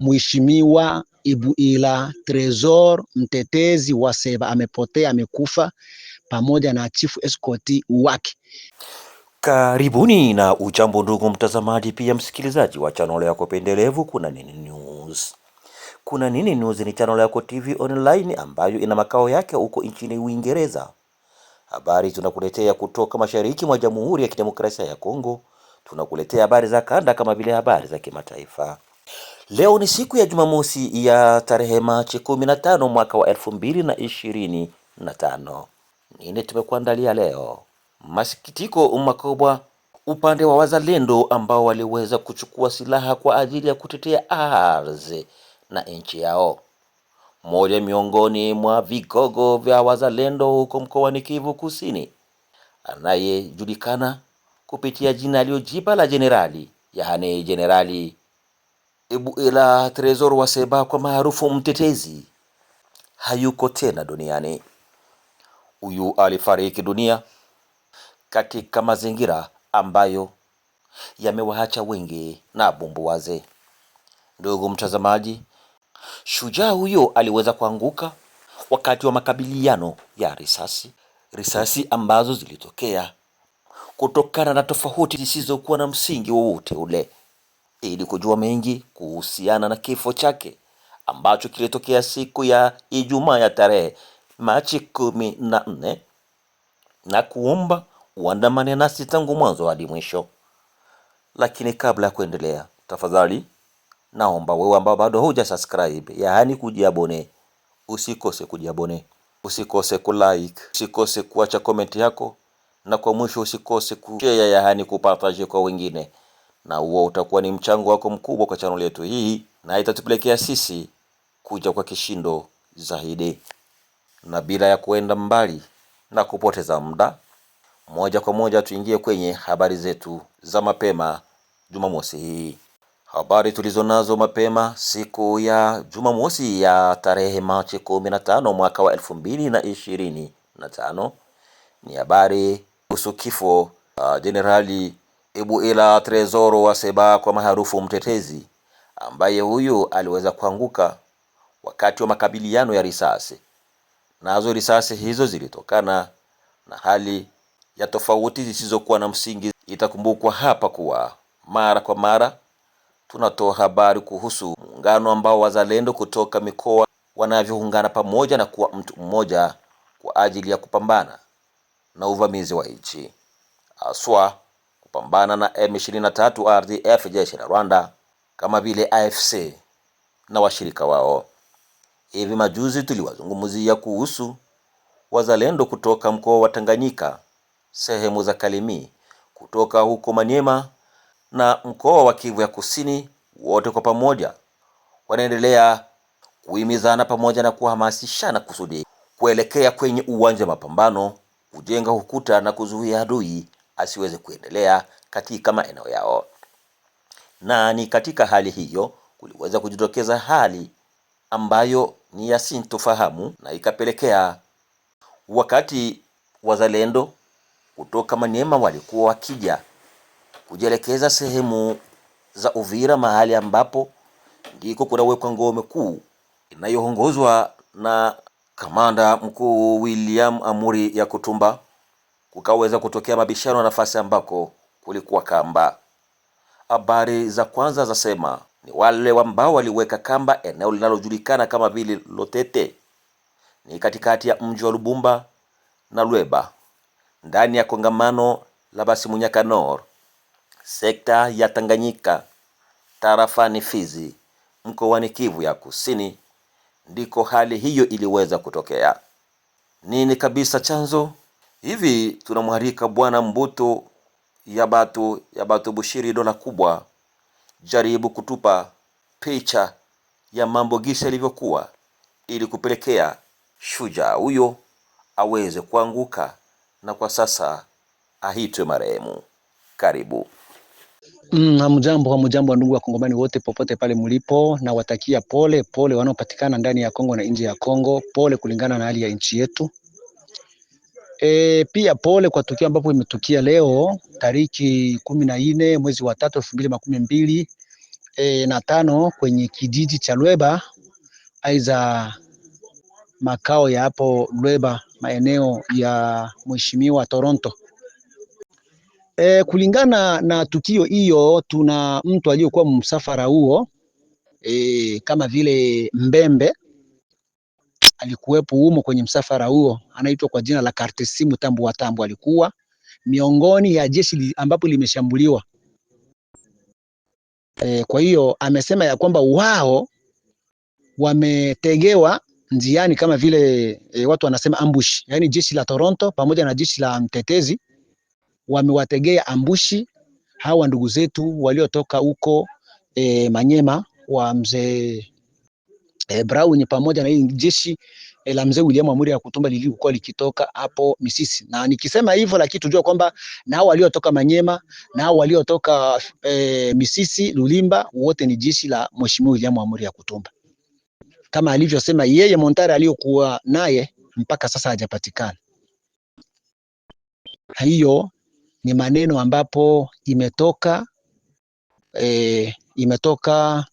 Mheshimiwa Ibuila Tresor, mtetezi wa Seba, amepotea, amekufa, pamoja na chifu eskoti wake. Karibuni na ujambo, ndugu mtazamaji, pia msikilizaji wa chanelo yako pendelevu Kuna Nini News. Kuna Nini News ni chanelo yako TV online ambayo ina makao yake huko nchini Uingereza. Habari tunakuletea kutoka mashariki mwa Jamhuri ya Kidemokrasia ya Kongo, tunakuletea habari za kanda kama vile habari za kimataifa. Leo ni siku ya Jumamosi ya tarehe Machi 15 mwaka wa 2025. Nini tumekuandalia leo? Masikitiko makubwa upande wa wazalendo ambao waliweza kuchukua silaha kwa ajili ya kutetea ardhi na nchi yao. moja miongoni mwa vigogo vya wazalendo huko mkoani Kivu Kusini anayejulikana kupitia jina aliyojipa la jenerali, yaani Jenerali la Tresor Waseba kwa maarufu mtetezi hayuko tena duniani. Huyu alifariki dunia katika mazingira ambayo yamewaacha wengi na bumbuwaze. Ndugu mtazamaji, shujaa huyo aliweza kuanguka wakati wa makabiliano ya risasi, risasi ambazo zilitokea kutokana na tofauti zisizokuwa na msingi wowote ule ili kujua mengi kuhusiana na kifo chake ambacho kilitokea siku ya Ijumaa ya tarehe Machi kumi na nne na kuomba uandamane nasi tangu mwanzo hadi mwisho. Lakini kabla ya kuendelea, tafadhali naomba wewe ambao bado huja subscribe, yaani kujiabone, usikose kujiabone, usikose kulike, usikose kuacha komenti yako, na kwa mwisho usikose kushare, yaani kupartaje kwa wengine na huo utakuwa ni mchango wako mkubwa kwa chaneli yetu hii, na itatupelekea sisi kuja kwa kishindo zaidi. Na bila ya kuenda mbali na kupoteza muda, moja kwa moja tuingie kwenye habari zetu za mapema Jumamosi hii. Habari tulizonazo mapema siku ya Jumamosi ya tarehe Machi 15 mwaka wa elfu na tano ni habari kuhusu kifo uh, ila Trezoro wa kwa maarufu mtetezi, ambaye huyu aliweza kuanguka wakati wa makabiliano ya risasi, nazo risasi hizo zilitokana na hali ya tofauti zisizokuwa na msingi. Itakumbukwa hapa kuwa mara kwa mara tunatoa habari kuhusu muungano ambao wazalendo kutoka mikoa wanavyoungana pamoja na kuwa mtu mmoja kwa ajili ya kupambana na uvamizi wa nchi haswa kupambana na M23 RDF, jeshi la Rwanda, kama vile AFC na washirika wao. Hivi majuzi tuliwazungumzia kuhusu wazalendo kutoka mkoa wa Tanganyika, sehemu za Kalemi, kutoka huko Manyema na mkoa wa Kivu ya Kusini, wote kwa pamoja wanaendelea kuhimizana pamoja na kuhamasishana kusudi kuelekea kwenye uwanja wa mapambano, kujenga ukuta na kuzuia adui asiweze kuendelea katika maeneo yao. Na ni katika hali hiyo kuliweza kujitokeza hali ambayo ni ya sintofahamu na ikapelekea wakati wazalendo kutoka Maniema walikuwa wakija kujielekeza sehemu za Uvira, mahali ambapo ndiko kunawekwa ngome kuu inayoongozwa na kamanda mkuu William Amuri ya kutumba kukaweza kutokea mabishano ya nafasi ambako kulikuwa kamba. Habari za kwanza zasema ni wale ambao waliweka kamba eneo linalojulikana kama vile Lotete, ni katikati ya mji wa Lubumba na Lweba, ndani ya kongamano la Munyaka Nor, sekta ya Tanganyika, tarafani Fizi, mkoani Kivu ya Kusini, ndiko hali hiyo iliweza kutokea. Nini kabisa chanzo? Hivi tunamwalika Bwana Mbuto ya bato Bushiri, dola kubwa, jaribu kutupa picha ya mambo gisa ilivyokuwa, ili kupelekea shujaa huyo aweze kuanguka na kwa sasa ahitwe marehemu. Karibu. Mm, hamjambo, hamjambo ndugu wa Kongomani wote popote pale mlipo, na watakia pole pole wanaopatikana ndani ya Kongo na nje ya Kongo, pole kulingana na hali ya nchi yetu. E, pia pole kwa tukio ambapo imetukia leo tariki kumi na nne mwezi wa tatu elfu mbili makumi mbili e, na tano kwenye kijiji cha Lweba aiza makao ya hapo Lweba maeneo ya mheshimiwa Toronto. E, kulingana na tukio hiyo, tuna mtu aliyekuwa msafara huo e, kama vile mbembe alikuwepo humo kwenye msafara huo, anaitwa kwa jina la Kartesimu Tambu wa Tambu, alikuwa miongoni ya jeshi ambapo limeshambuliwa. E, kwa hiyo amesema ya kwamba wao wametegewa njiani kama vile e, watu wanasema ambushi, yaani jeshi la Toronto pamoja na jeshi la mtetezi wamewategea ambushi hawa ndugu zetu waliotoka huko e, Manyema wa mzee eh, Brau ni pamoja na hili jeshi eh, la mzee William Amuri ya Kutumba lilikuwa likitoka hapo Misisi. Na nikisema hivyo, lakini tujua kwamba nao waliotoka Manyema nao waliotoka eh, Misisi, Lulimba wote ni jeshi la Mheshimiwa William Amuri ya Kutumba, kama alivyosema yeye Montare aliyokuwa naye mpaka sasa hajapatikana. Hiyo ni maneno ambapo imetoka eh, imetoka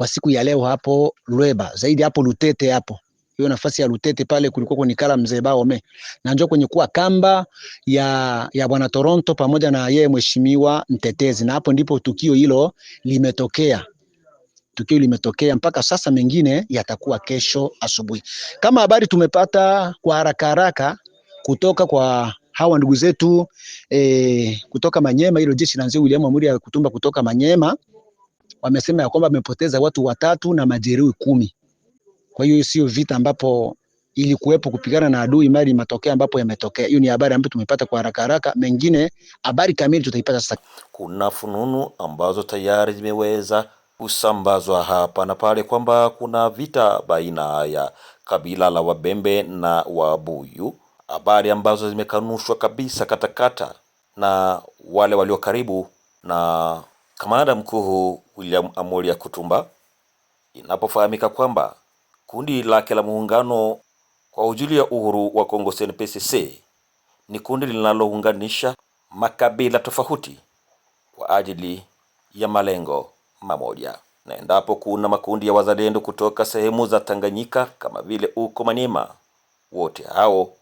kwa siku ya leo hapo Lweba, zaidi hapo Lutete hapo hiyo nafasi ya Lutete pale kulikuwa kwenye kala mzee Baome na njoo kwenye kuwa kamba ya, ya bwana Toronto pamoja na yeye mheshimiwa mtetezi, na hapo ndipo tukio hilo limetokea. Tukio limetokea mpaka sasa, mengine yatakuwa kesho asubuhi, kama habari tumepata kwa haraka haraka kutoka kwa hawa ndugu zetu e, kutoka Manyema, hilo jeshi la nzee William Amuri ya Kutumba kutoka Manyema wamesema ya kwamba wamepoteza watu watatu na majeruhi kumi. Kwa hiyo sio vita ambapo ilikuwepo kupigana na adui, mali matokeo ambapo yametokea. Hiyo ni habari ambayo tumepata kwa haraka haraka, mengine habari kamili tutaipata sasa. Kuna fununu ambazo tayari zimeweza kusambazwa hapa na pale kwamba kuna vita baina ya kabila la Wabembe na Wabuyu, habari ambazo zimekanushwa kabisa katakata na wale walio karibu na Kamanda Mkuu William ya kutumba inapofahamika kwamba kundi lake la muungano kwa ujili ya uhuru wa Kongo CNPCC ni kundi linalounganisha makabila tofauti kwa ajili ya malengo mamoja, na endapo kuna makundi ya wazalendo kutoka sehemu za Tanganyika kama vile uko manyema wote hao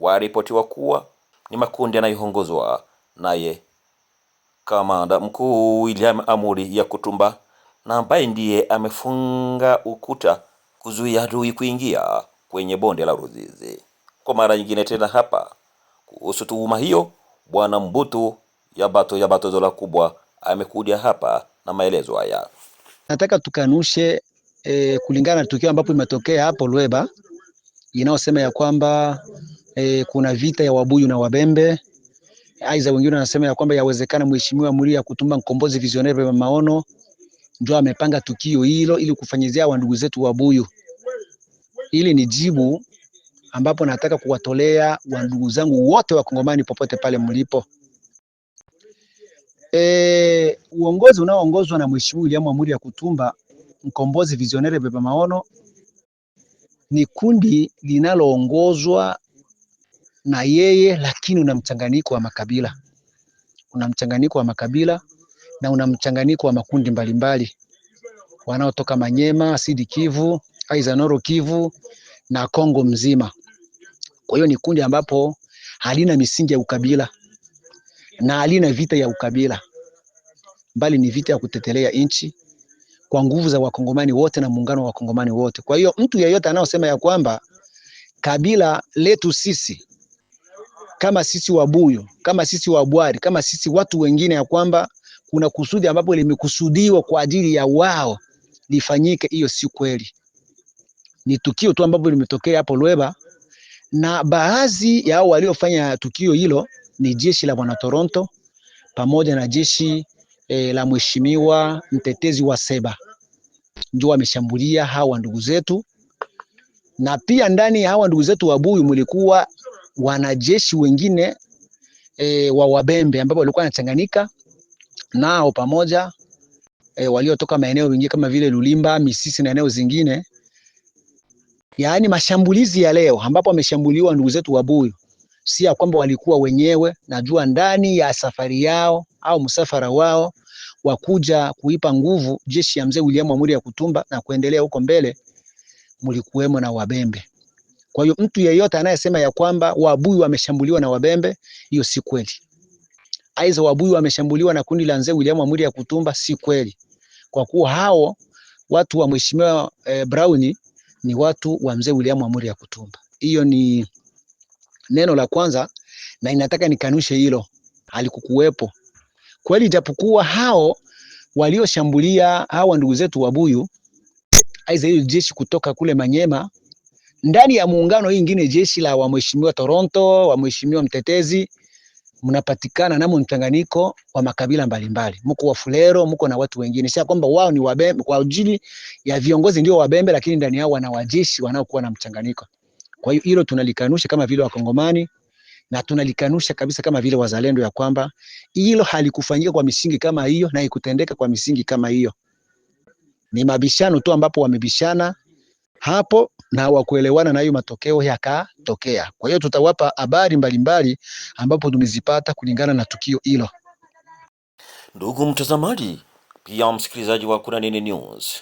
waripotiwa kuwa ni makundi yanayoongozwa naye kamanda mkuu William Amuri Yakutumba na ambaye ndiye amefunga ukuta kuzuia adui kuingia kwenye bonde la Ruzizi. Kwa mara nyingine tena hapa kuhusu tuhuma hiyo, bwana Mbutu Yabato bato Zola kubwa amekuja hapa na maelezo haya. Nataka tukanushe e, kulingana na tukio ambapo imetokea hapo Lweba inayosema ya kwamba e, kuna vita ya Wabuyu na Wabembe Aidha, wengine wanasema ya kwamba yawezekana mheshimiwa Mulia Kutumba Mkombozi Visionnaire wa maono ndio amepanga tukio hilo ili kufanyizia wandugu zetu wa buyu Ili ni jibu ambapo nataka kuwatolea wandugu zangu wote wa Kongomani popote pale mlipo. E, uongozi unaoongozwa na mheshimiwa William ya Kutumba Mkombozi Visionnaire Beba maono ni kundi linaloongozwa na yeye, lakini una mchanganyiko wa makabila, una mchanganyiko wa makabila na una mchanganyiko wa makundi mbalimbali wanaotoka Manyema, Sidi Kivu, aidha Noro Kivu na Kongo mzima. Kwa hiyo ni kundi ambapo halina misingi ya ukabila na halina vita ya ukabila, bali ni vita ya kutetelea nchi kwa nguvu za wakongomani wote na muungano wa wakongomani wote. Kwa hiyo mtu yeyote anayosema ya kwamba kabila letu sisi kama sisi Wabuyu, kama sisi Wabwari, kama sisi watu wengine, ya kwamba kuna kusudi ambapo limekusudiwa kwa ajili ya wao lifanyike. Hiyo si kweli, ni tukio tu ambapo limetokea hapo Lweba, na baadhi ya hao waliofanya tukio hilo ni jeshi la bwana Toronto pamoja na jeshi e, la mheshimiwa mtetezi wa Seba, ndio wameshambulia hawa ndugu zetu na pia ndani ya hawa ndugu zetu Wabuyu mlikuwa wanajeshi wengine e, wa Wabembe ambao walikuwa wanachanganyika nao pamoja e, waliotoka maeneo mengine kama vile Lulimba, Misisi na eneo zingine. Yaani mashambulizi ya leo ambapo wameshambuliwa ndugu zetu Wabuyu, si ya kwamba walikuwa wenyewe, najua ndani ya safari yao au msafara wao wa kuja kuipa nguvu jeshi ya mzee William Amuri ya Kutumba na kuendelea huko mbele, mulikuwemo na Wabembe. Kwa hiyo mtu yeyote anayesema ya kwamba Wabuyu wameshambuliwa na Wabembe, hiyo si kweli. Aidha, Wabuyu wameshambuliwa na kundi la Mzee William Amuri ya Kutumba, si kweli, kwa kuwa hao watu wa mheshimiwa eh, Brown ni watu wa Mzee William Amuri ya Kutumba. Hiyo ni neno la kwanza, na inataka nikanushe hilo, alikukuwepo kweli, japokuwa hao walioshambulia hawa ndugu zetu Wabuyu, aidha hiyo jeshi kutoka kule Manyema ndani ya muungano hii ingine, jeshi la wa mheshimiwa Toronto, wa mheshimiwa mtetezi, mnapatikana namo mchanganyiko wa makabila mbalimbali, mko wa Fulero, mko na watu wengine, sio kwamba wao ni wabembe kwa ajili ya viongozi ndio wabembe, lakini ndani yao wana wajeshi wanaokuwa na mchanganyiko. Kwa hiyo hilo tunalikanusha kama vile Wakongomani na tunalikanusha kabisa kama vile wazalendo, ya kwamba hilo halikufanyika kwa misingi kama hiyo na ikutendeka kwa misingi kama hiyo. Ni mabishano tu ambapo wamebishana hapo na wakuelewana na hiyo matokeo yakatokea. Kwa hiyo tutawapa habari mbalimbali ambapo tumezipata kulingana na tukio hilo. Ndugu mtazamaji, pia msikilizaji wa Kuna Nini News,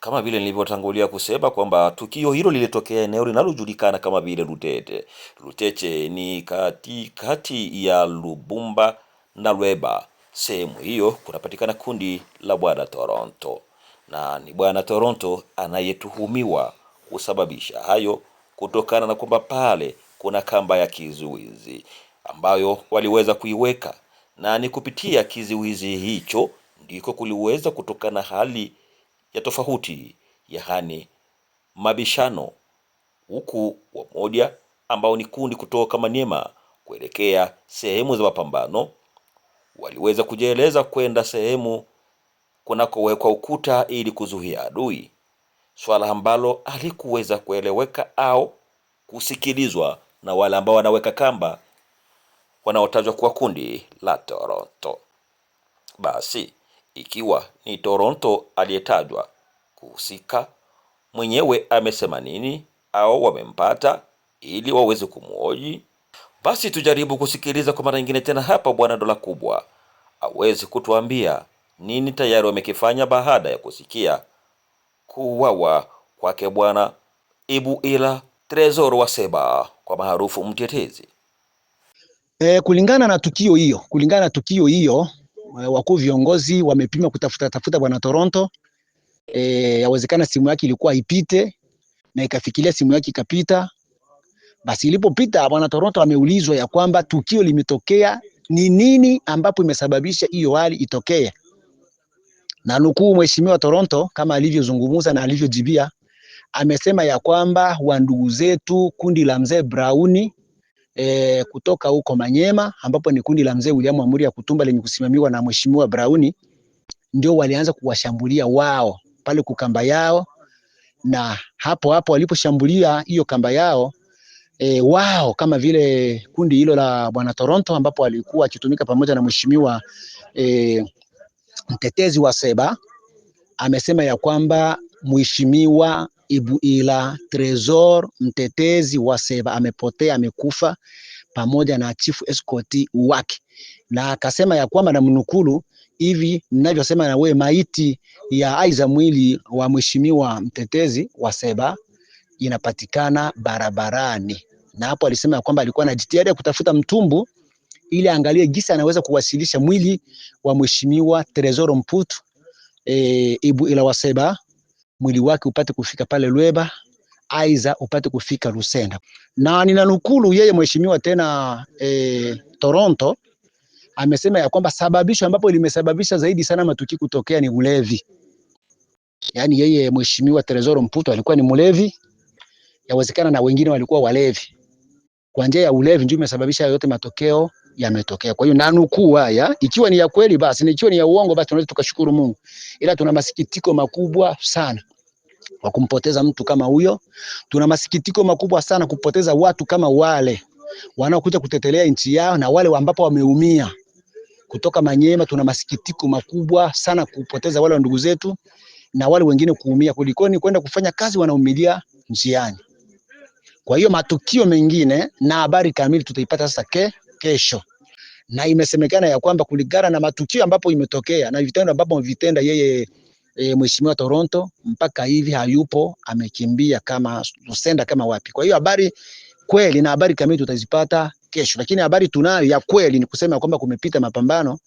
kama vile nilivyotangulia kusema kwamba tukio hilo lilitokea eneo linalojulikana kama vile Lutete. Lutete ni kati kati ya Lubumba na Lweba. Sehemu hiyo kunapatikana kundi la Bwana Toronto, na ni Bwana Toronto anayetuhumiwa husababisha hayo kutokana na kwamba pale kuna kamba ya kizuizi ambayo waliweza kuiweka, na ni kupitia kizuizi hicho ndiko kuliweza kutokana hali ya tofauti, yaani mabishano, huku wamoja ambao ni kundi kutoka Maniema kuelekea sehemu za mapambano waliweza kujieleza kwenda sehemu kunakowekwa ukuta ili kuzuia adui swala ambalo halikuweza kueleweka au kusikilizwa na wale ambao wanaweka kamba wanaotajwa kuwa kundi la Toronto. Basi ikiwa ni Toronto aliyetajwa kuhusika, mwenyewe amesema nini au wamempata ili waweze kumwoji? Basi tujaribu kusikiliza kwa mara nyingine tena hapa Bwana Dola Kubwa aweze kutuambia nini tayari wamekifanya baada ya kusikia kuuawa kwake Bwana Ibuila Tresor Waseba kwa maarufu mtetezi. E, kulingana na tukio hiyo, kulingana na tukio hiyo e, wakuu viongozi wamepima kutafuta tafuta bwana Toronto. E, yawezekana simu yake ilikuwa ipite na ikafikilia simu yake ikapita. Basi ilipopita bwana Toronto ameulizwa ya kwamba tukio limetokea ni nini ambapo imesababisha hiyo hali itokee na nukuu Mheshimiwa Toronto kama alivyozungumza na alivyojibia, amesema ya kwamba wandugu zetu kundi la mzee Brauni e, eh, kutoka huko Manyema ambapo ni kundi la mzee William Amuri ya Kutumba lenye kusimamiwa na Mheshimiwa Brauni ndio walianza kuwashambulia wao pale kukamba yao, na hapo hapo waliposhambulia hiyo kamba yao e, wao kama vile kundi hilo la bwana Toronto ambapo alikuwa akitumika pamoja na mheshimiwa e, mtetezi wa Seba amesema ya kwamba Mheshimiwa Ibuila Tresor, mtetezi wa Seba, amepotea, amekufa pamoja na chief escort wake, na akasema ya kwamba na mnukulu hivi ninavyosema na wewe, maiti ya aiza mwili wa mheshimiwa mtetezi wa Seba inapatikana barabarani, na hapo alisema ya kwamba alikuwa na jitihada kutafuta mtumbu ili angalie jinsi anaweza kuwasilisha mwili wa mheshimiwa Teresoro Mputu e, Ibu ila Waseba, mwili wake upate kufika pale Lweba, aiza upate kufika Lusenda. Na ninanukulu yeye mheshimiwa tena e, Toronto amesema ya kwamba sababisho ambapo limesababisha zaidi sana matukio kutokea ni ulevi. Yaani yeye mheshimiwa Teresoro Mputu alikuwa ni mlevi, yawezekana na wengine walikuwa walevi. Kwa njia ya ulevi ndio imesababisha yote matokeo yametokea. Kwa hiyo nanukuu haya, ikiwa ni ya kweli basi, na ikiwa ni ya uongo basi, tunaweza tukashukuru Mungu, ila tuna masikitiko makubwa sana wa kumpoteza mtu kama huyo. Tuna masikitiko makubwa sana kupoteza watu kama wale wanaokuja kutetelea nchi yao na wale ambapo wameumia kutoka Manyema. Tuna masikitiko makubwa sana kupoteza wale wa ndugu zetu na wale wengine kuumia, ni kwenda kufanya kazi wanaumilia njiani. Kwa hiyo matukio mengine na habari kamili tutaipata sasa ke, kesho na imesemekana ya kwamba kulingana na matukio ambapo imetokea na vitendo ambapo vitenda yeye e, mheshimiwa Toronto mpaka hivi hayupo, amekimbia kama usenda kama wapi. Kwa hiyo habari kweli na habari kamili tutazipata kesho, lakini habari tunayo ya kweli ni kusema kwamba kumepita mapambano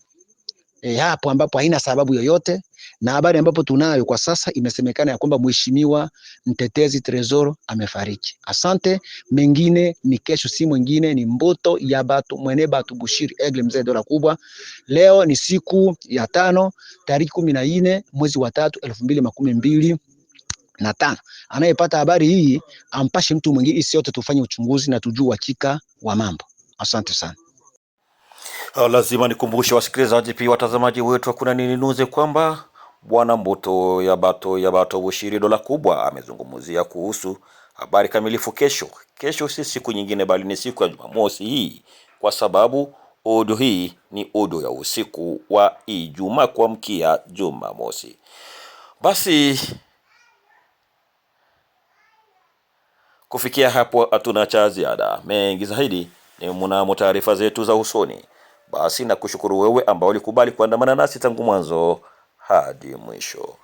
e, hapo ambapo haina sababu yoyote, na habari ambapo tunayo kwa sasa imesemekana ya kwamba mheshimiwa mtetezi Tresor amefariki. Asante, mengine ni kesho, si mwingine ni Mboto ya Batu mwene Batu Bushiri Egle, mzee dola kubwa. Leo ni siku ya tano tarehe kumi na nne mwezi wa tatu elfu mbili makumi mbili na tano. Anayepata habari hii ampashe mtu mwingine, isiyote tufanye uchunguzi na tujue uhakika wa mambo. Asante sana. Ah, lazima nikumbushe wasikilizaji pia watazamaji wetu wa Kuna Nini Niuze kwamba Bwana Mbuto ya bato Bushiri dola kubwa amezungumzia kuhusu habari kamilifu kesho. Kesho si siku nyingine, bali ni siku ya Jumamosi hii, kwa sababu odo hii ni odo ya usiku wa Ijumaa kuamkia Jumamosi. Basi kufikia hapo hatuna cha ziada mengi zaidi ni mnamo taarifa zetu za usoni. Basi na kushukuru wewe ambao ulikubali kuandamana nasi tangu mwanzo hadi mwisho.